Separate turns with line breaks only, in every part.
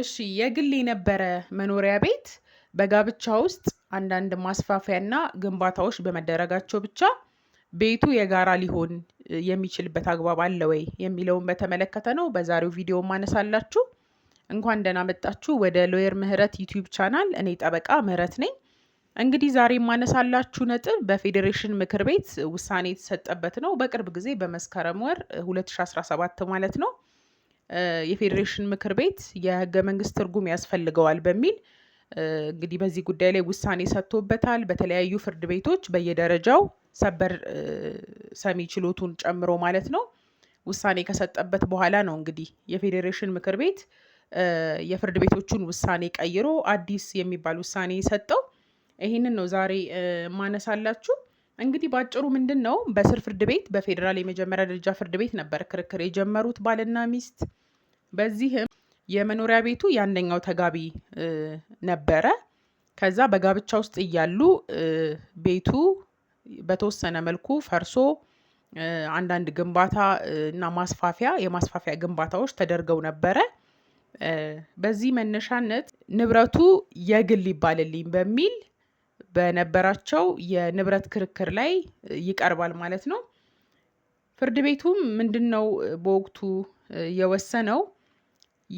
እሺ የግል የነበረ መኖሪያ ቤት በጋብቻ ውስጥ አንዳንድ ማስፋፊያና ግንባታዎች በመደረጋቸው ብቻ ቤቱ የጋራ ሊሆን የሚችልበት አግባብ አለ ወይ የሚለውን በተመለከተ ነው በዛሬው ቪዲዮ ማነሳላችሁ። እንኳን ደህና መጣችሁ ወደ ሎየር ምህረት ዩቲዩብ ቻናል። እኔ ጠበቃ ምህረት ነኝ። እንግዲህ ዛሬ የማነሳላችሁ ነጥብ በፌዴሬሽን ምክር ቤት ውሳኔ የተሰጠበት ነው። በቅርብ ጊዜ በመስከረም ወር 2017 ማለት ነው የፌዴሬሽን ምክር ቤት የህገ መንግስት ትርጉም ያስፈልገዋል በሚል እንግዲህ በዚህ ጉዳይ ላይ ውሳኔ ሰጥቶበታል። በተለያዩ ፍርድ ቤቶች በየደረጃው ሰበር ሰሚ ችሎቱን ጨምሮ ማለት ነው ውሳኔ ከሰጠበት በኋላ ነው እንግዲህ የፌዴሬሽን ምክር ቤት የፍርድ ቤቶቹን ውሳኔ ቀይሮ አዲስ የሚባል ውሳኔ ሰጠው ይህንን ነው ዛሬ ማነሳላችሁ። እንግዲህ ባጭሩ ምንድን ነው በስር ፍርድ ቤት በፌዴራል የመጀመሪያ ደረጃ ፍርድ ቤት ነበር ክርክር የጀመሩት ባልና ሚስት። በዚህም የመኖሪያ ቤቱ የአንደኛው ተጋቢ ነበረ። ከዛ በጋብቻ ውስጥ እያሉ ቤቱ በተወሰነ መልኩ ፈርሶ አንዳንድ ግንባታ እና ማስፋፊያ የማስፋፊያ ግንባታዎች ተደርገው ነበረ። በዚህ መነሻነት ንብረቱ የግል ይባልልኝ በሚል በነበራቸው የንብረት ክርክር ላይ ይቀርባል ማለት ነው። ፍርድ ቤቱም ምንድን ነው በወቅቱ የወሰነው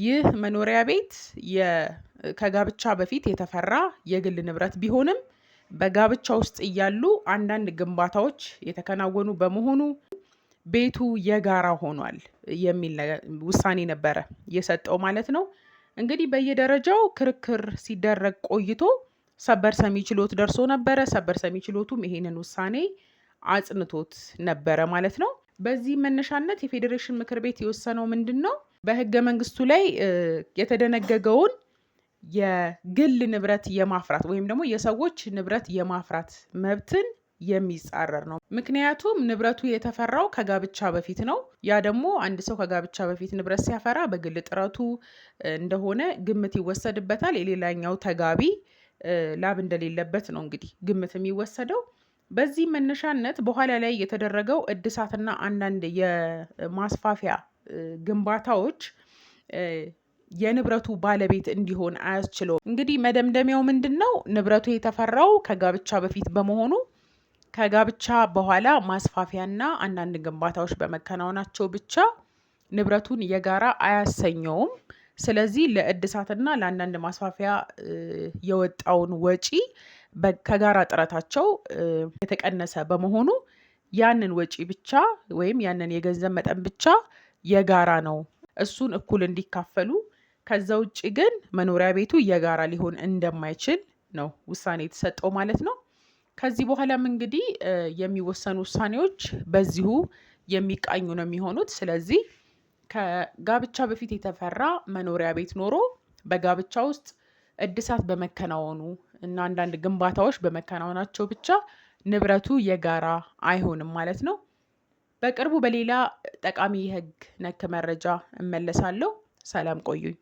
ይህ መኖሪያ ቤት ከጋብቻ በፊት የተፈራ የግል ንብረት ቢሆንም በጋብቻ ውስጥ እያሉ አንዳንድ ግንባታዎች የተከናወኑ በመሆኑ ቤቱ የጋራ ሆኗል የሚል ውሳኔ ነበረ የሰጠው ማለት ነው። እንግዲህ በየደረጃው ክርክር ሲደረግ ቆይቶ ሰበር ሰሚ ችሎት ደርሶ ነበረ። ሰበር ሰሚ ችሎቱም ይሄንን ውሳኔ አጽንቶት ነበረ ማለት ነው። በዚህ መነሻነት የፌዴሬሽን ምክር ቤት የወሰነው ምንድን ነው? በህገ መንግስቱ ላይ የተደነገገውን የግል ንብረት የማፍራት ወይም ደግሞ የሰዎች ንብረት የማፍራት መብትን የሚጻረር ነው። ምክንያቱም ንብረቱ የተፈራው ከጋብቻ በፊት ነው። ያ ደግሞ አንድ ሰው ከጋብቻ በፊት ንብረት ሲያፈራ በግል ጥረቱ እንደሆነ ግምት ይወሰድበታል። የሌላኛው ተጋቢ ላብ እንደሌለበት ነው እንግዲህ ግምት የሚወሰደው። በዚህ መነሻነት በኋላ ላይ የተደረገው እድሳትና አንዳንድ የማስፋፊያ ግንባታዎች የንብረቱ ባለቤት እንዲሆን አያስችለውም። እንግዲህ መደምደሚያው ምንድን ነው? ንብረቱ የተፈራው ከጋብቻ በፊት በመሆኑ ከጋብቻ በኋላ ማስፋፊያና አንዳንድ ግንባታዎች በመከናወናቸው ብቻ ንብረቱን የጋራ አያሰኘውም። ስለዚህ ለእድሳትና ለአንዳንድ ማስፋፊያ የወጣውን ወጪ ከጋራ ጥረታቸው የተቀነሰ በመሆኑ ያንን ወጪ ብቻ ወይም ያንን የገንዘብ መጠን ብቻ የጋራ ነው፣ እሱን እኩል እንዲካፈሉ። ከዛ ውጭ ግን መኖሪያ ቤቱ የጋራ ሊሆን እንደማይችል ነው ውሳኔ የተሰጠው ማለት ነው። ከዚህ በኋላም እንግዲህ የሚወሰኑ ውሳኔዎች በዚሁ የሚቃኙ ነው የሚሆኑት። ስለዚህ ከጋብቻ በፊት የተፈራ መኖሪያ ቤት ኖሮ በጋብቻ ውስጥ እድሳት በመከናወኑ እና አንዳንድ ግንባታዎች በመከናወናቸው ብቻ ንብረቱ የጋራ አይሆንም ማለት ነው። በቅርቡ በሌላ ጠቃሚ የህግ ነክ መረጃ እመለሳለሁ። ሰላም ቆዩኝ።